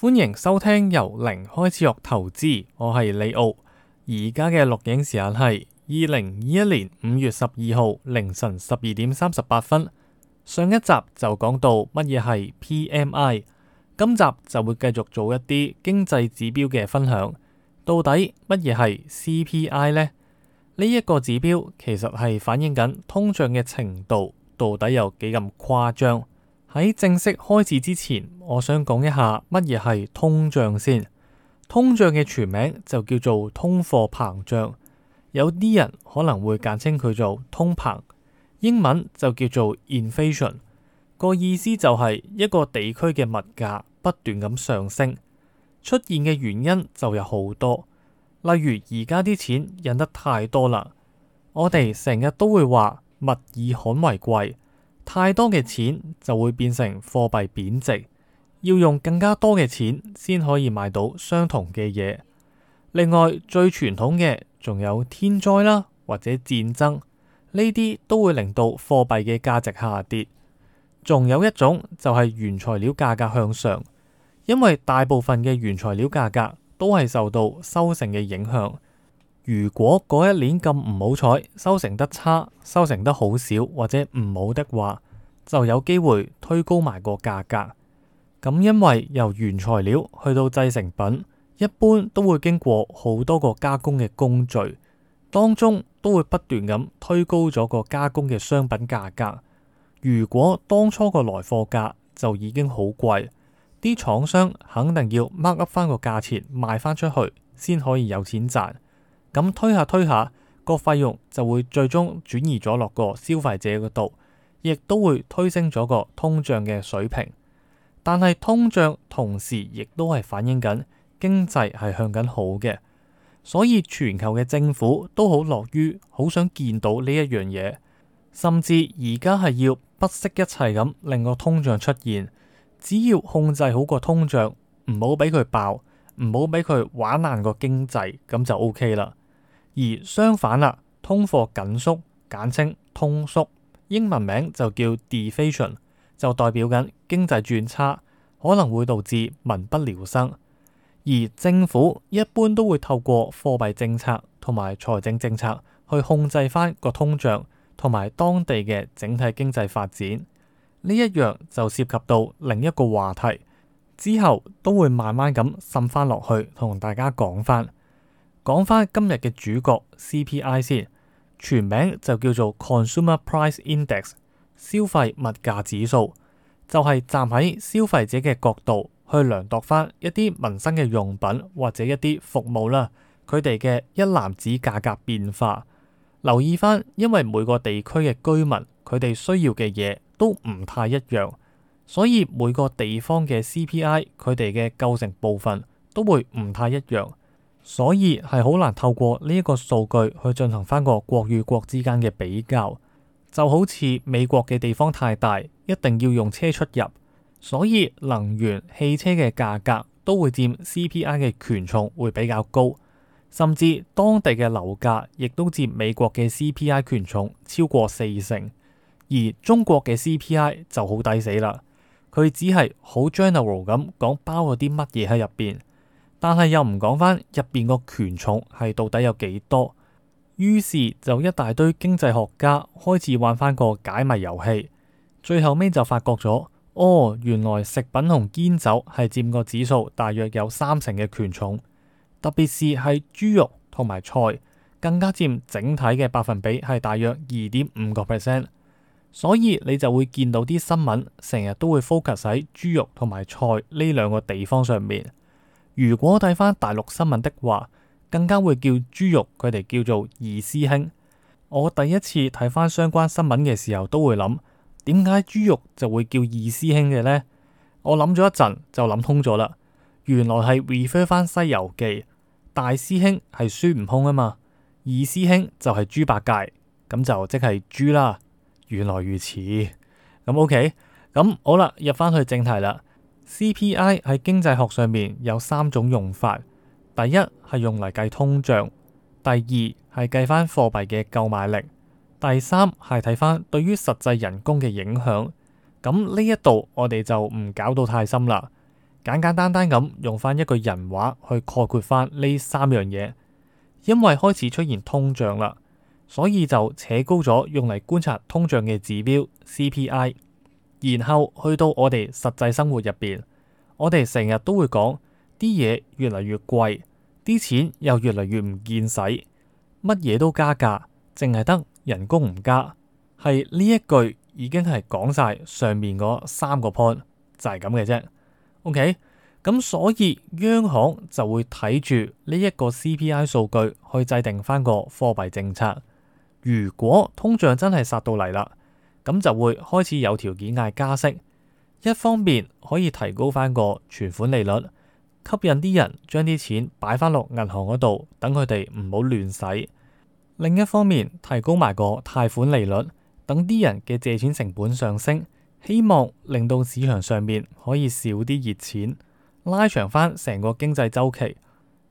歡迎收聽由零開始學投資，我係李奧。而家嘅錄影時間係二零二一年五月十二號凌晨十二點三十八分。上一集就講到乜嘢係 PMI，今集就會繼續做一啲經濟指標嘅分享。到底乜嘢係 CPI 呢？呢一個指標其實係反映緊通脹嘅程度，到底有幾咁誇張？喺正式開始之前，我想講一下乜嘢係通脹先。通脹嘅全名就叫做通貨膨脹，有啲人可能會簡稱佢做通膨，英文就叫做 inflation。個意思就係一個地區嘅物價不斷咁上升，出現嘅原因就有好多，例如而家啲錢印得太多啦，我哋成日都會話物以罕為貴。太多嘅錢就會變成貨幣貶值，要用更加多嘅錢先可以買到相同嘅嘢。另外，最傳統嘅仲有天災啦，或者戰爭，呢啲都會令到貨幣嘅價值下跌。仲有一種就係原材料價格向上，因為大部分嘅原材料價格都係受到收成嘅影響。如果嗰一年咁唔好彩，收成得差，收成得好少或者唔好的話，就有機會推高埋個價格。咁因為由原材料去到製成品，一般都會經過好多個加工嘅工序，當中都會不斷咁推高咗個加工嘅商品價格。如果當初個來貨價就已經好貴，啲廠商肯定要 mark up 翻個價錢賣翻出去，先可以有錢賺。咁推下推下，個費用就會最終轉移咗落個消費者嘅度，亦都會推升咗個通脹嘅水平。但係通脹同時亦都係反映緊經濟係向緊好嘅，所以全球嘅政府都好樂於好想見到呢一樣嘢，甚至而家係要不惜一切咁令個通脹出現，只要控制好個通脹，唔好俾佢爆。唔好俾佢玩爛個經濟，咁就 OK 啦。而相反啦，通貨緊縮，簡稱通縮，英文名就叫 Deflation，就代表緊經濟轉差，可能會導致民不聊生。而政府一般都會透過貨幣政策同埋財政政策去控制返個通脹同埋當地嘅整體經濟發展。呢一樣就涉及到另一個話題。之後都會慢慢咁滲翻落去，同大家講翻，講翻今日嘅主角 CPI 先，全名就叫做 Consumer Price Index，消費物價指數，就係站喺消費者嘅角度去量度翻一啲民生嘅用品或者一啲服務啦，佢哋嘅一籃子價格變化，留意翻，因為每個地區嘅居民佢哋需要嘅嘢都唔太一樣。所以每個地方嘅 CPI，佢哋嘅構成部分都會唔太一樣，所以係好難透過呢一個數據去進行翻個國與國之間嘅比較。就好似美國嘅地方太大，一定要用車出入，所以能源、汽車嘅價格都會佔 CPI 嘅權重會比較高，甚至當地嘅樓價亦都佔美國嘅 CPI 權重超過四成，而中國嘅 CPI 就好抵死啦。佢只係好 general 咁講包咗啲乜嘢喺入邊，但係又唔講翻入邊個權重係到底有幾多。於是就一大堆經濟學家開始玩翻個解謎遊戲，最後尾就發覺咗，哦，原來食品同煙酒係佔個指數大約有三成嘅權重，特別是係豬肉同埋菜更加佔整體嘅百分比係大約二點五個 percent。所以你就會見到啲新聞成日都會 focus 喺豬肉同埋菜呢兩個地方上面。如果睇翻大陸新聞的話，更加會叫豬肉佢哋叫做二師兄。我第一次睇翻相關新聞嘅時候，都會諗點解豬肉就會叫二師兄嘅呢？我諗咗一陣就諗通咗啦。原來係 refer 翻《西遊記》，大師兄係孫悟空啊嘛，二師兄就係豬八戒，咁就即係豬啦。原來如此，咁 OK，咁好啦，入翻去正題啦。CPI 喺經濟學上面有三種用法，第一係用嚟計通脹，第二係計翻貨幣嘅購買力，第三係睇翻對於實際人工嘅影響。咁呢一度我哋就唔搞到太深啦，簡簡單單咁用翻一句人話去概括翻呢三樣嘢，因為開始出現通脹啦。所以就扯高咗用嚟觀察通脹嘅指標 CPI，然後去到我哋實際生活入邊，我哋成日都會講啲嘢越嚟越貴，啲錢又越嚟越唔見使，乜嘢都加價，淨係得人工唔加，係呢一句已經係講晒上面嗰三個 point，就係咁嘅啫。OK，咁所以央行就會睇住呢一個 CPI 數據去制定翻個貨幣政策。如果通脹真係殺到嚟啦，咁就會開始有條件嗌加息。一方面可以提高翻個存款利率，吸引啲人將啲錢擺翻落銀行嗰度，等佢哋唔好亂使；另一方面提高埋個貸款利率，等啲人嘅借錢成本上升，希望令到市場上面可以少啲熱錢，拉長翻成個經濟周期。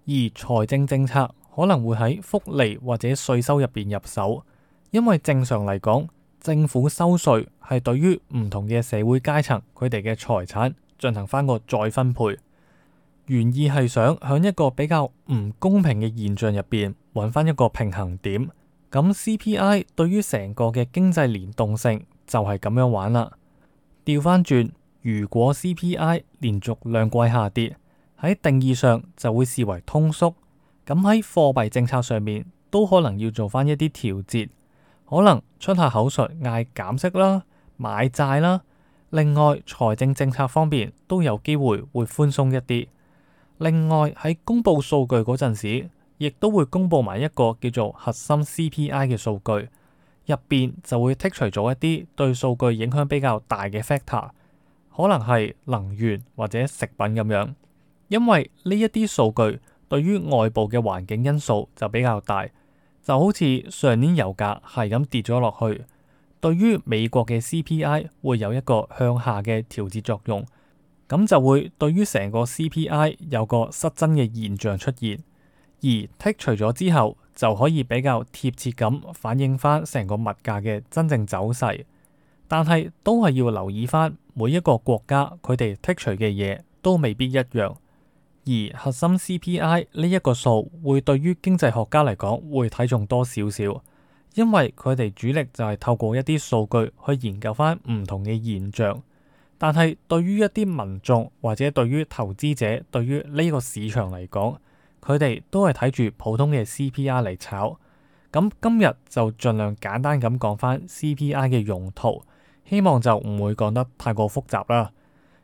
而財政政策，可能會喺福利或者稅收入邊入手，因為正常嚟講，政府收稅係對於唔同嘅社會階層佢哋嘅財產進行翻個再分配，原意係想喺一個比較唔公平嘅現象入邊揾翻一個平衡點。咁 CPI 對於成個嘅經濟連動性就係咁樣玩啦。調翻轉，如果 CPI 連續兩季下跌，喺定義上就會視為通縮。咁喺貨幣政策上面都可能要做翻一啲調節，可能出下口術嗌減息啦、買債啦。另外財政政策方面都有機會會寬鬆一啲。另外喺公佈數據嗰陣時，亦都會公佈埋一個叫做核心 CPI 嘅數據，入邊就會剔除咗一啲對數據影響比較大嘅 factor，可能係能源或者食品咁樣，因為呢一啲數據，對於外部嘅環境因素就比較大，就好似上年油價係咁跌咗落去，對於美國嘅 CPI 會有一個向下嘅調節作用，咁就會對於成個 CPI 有個失真嘅現象出現，而剔除咗之後就可以比較貼切咁反映翻成個物價嘅真正走勢，但係都係要留意翻每一個國家佢哋剔除嘅嘢都未必一樣。而核心 CPI 呢一個數會對於經濟學家嚟講會睇重多少少，因為佢哋主力就係透過一啲數據去研究翻唔同嘅現象。但係對於一啲民眾或者對於投資者，對於呢個市場嚟講，佢哋都係睇住普通嘅 CPI 嚟炒。咁今日就盡量簡單咁講翻 CPI 嘅用途，希望就唔會講得太過複雜啦。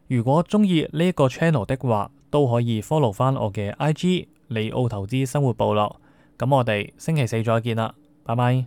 如果中意呢一個 channel 的話，都可以 follow 翻我嘅 IG 利奧投資生活部落，咁我哋星期四再見啦，拜拜。